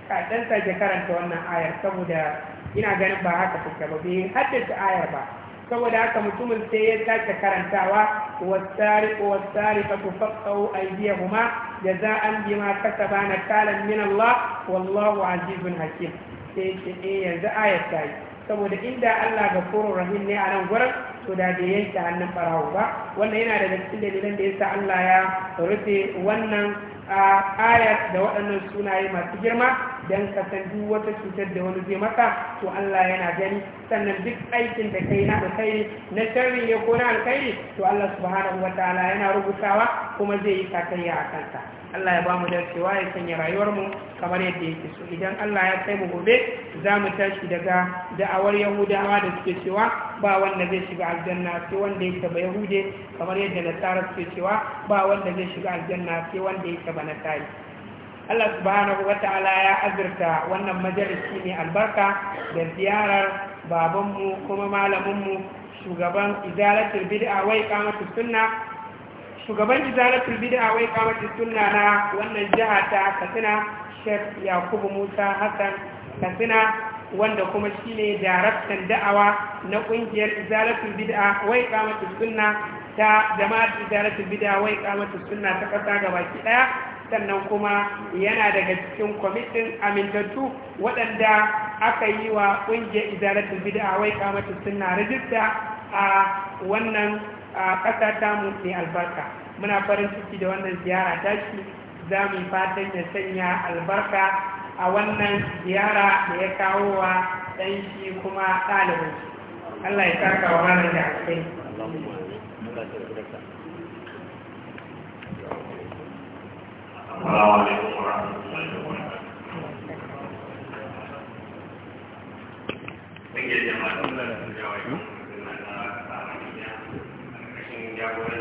ka dan sake karanta wannan ayar saboda ina ganin ba haka fuska ba bai haddace ayar ba saboda haka mutumin sai ya sake karantawa والسارق والسارقة فقطعوا أيديهما جزاء بما na نكالا min Allah wallahu azizun hakim sai ce eh yanzu ayat ta yi saboda inda Allah ga gafurur rahim ne a nan gurin to da bai yanke hannun barawo ba wannan yana daga cikin dalilan da yasa Allah ya rufe wannan ayat da waɗannan sunaye masu girma don ka san duk wata cutar da wani zai maka to Allah yana gani sannan duk aikin da kai na alkhairi na sharri ne ko na alkhairi to Allah subhanahu wataala yana rubutawa kuma zai yi kakanya a kansa Allah ya ba mu dacewa ya sanya rayuwarmu kamar yadda yake so idan Allah ya kai mu gobe za mu tashi daga da'awar yahudawa da suke cewa ba wanda zai shiga aljanna sai wanda yake ba yahude kamar yadda nasara suke cewa ba wanda zai shiga aljanna sai wanda yake ba nasari Allah subhanahu wa ta'ala ya azurta wannan majalisi ne albarka da ziyarar babanmu kuma malaminmu shugaban idaratul bid'a wai kamatu sunna shugaban izalatul bid'a wai kamata sunna na wannan jiha ta Katsina Sheikh Yakubu Musa Hassan Katsina wanda kuma shine daraktan da'awa na kungiyar izalatul bid'a wai kamata sunna ta jama'ar izalatul bid'a wai kamata sunna ta kasa baki daya sannan kuma yana daga cikin kwamitin amintattu waɗanda aka yi wa ƙungiyar izalatul bid'a wai kamata sunna rajista a wannan a ƙasa tamu ne albarka muna farin ciki da wannan ziyara tashi za mu fatan ya sanya albarka a wannan ziyara da ya kawo wa ɗan shi kuma ɗalibin Allah ya saka wa da alkai Thank you, ya gurin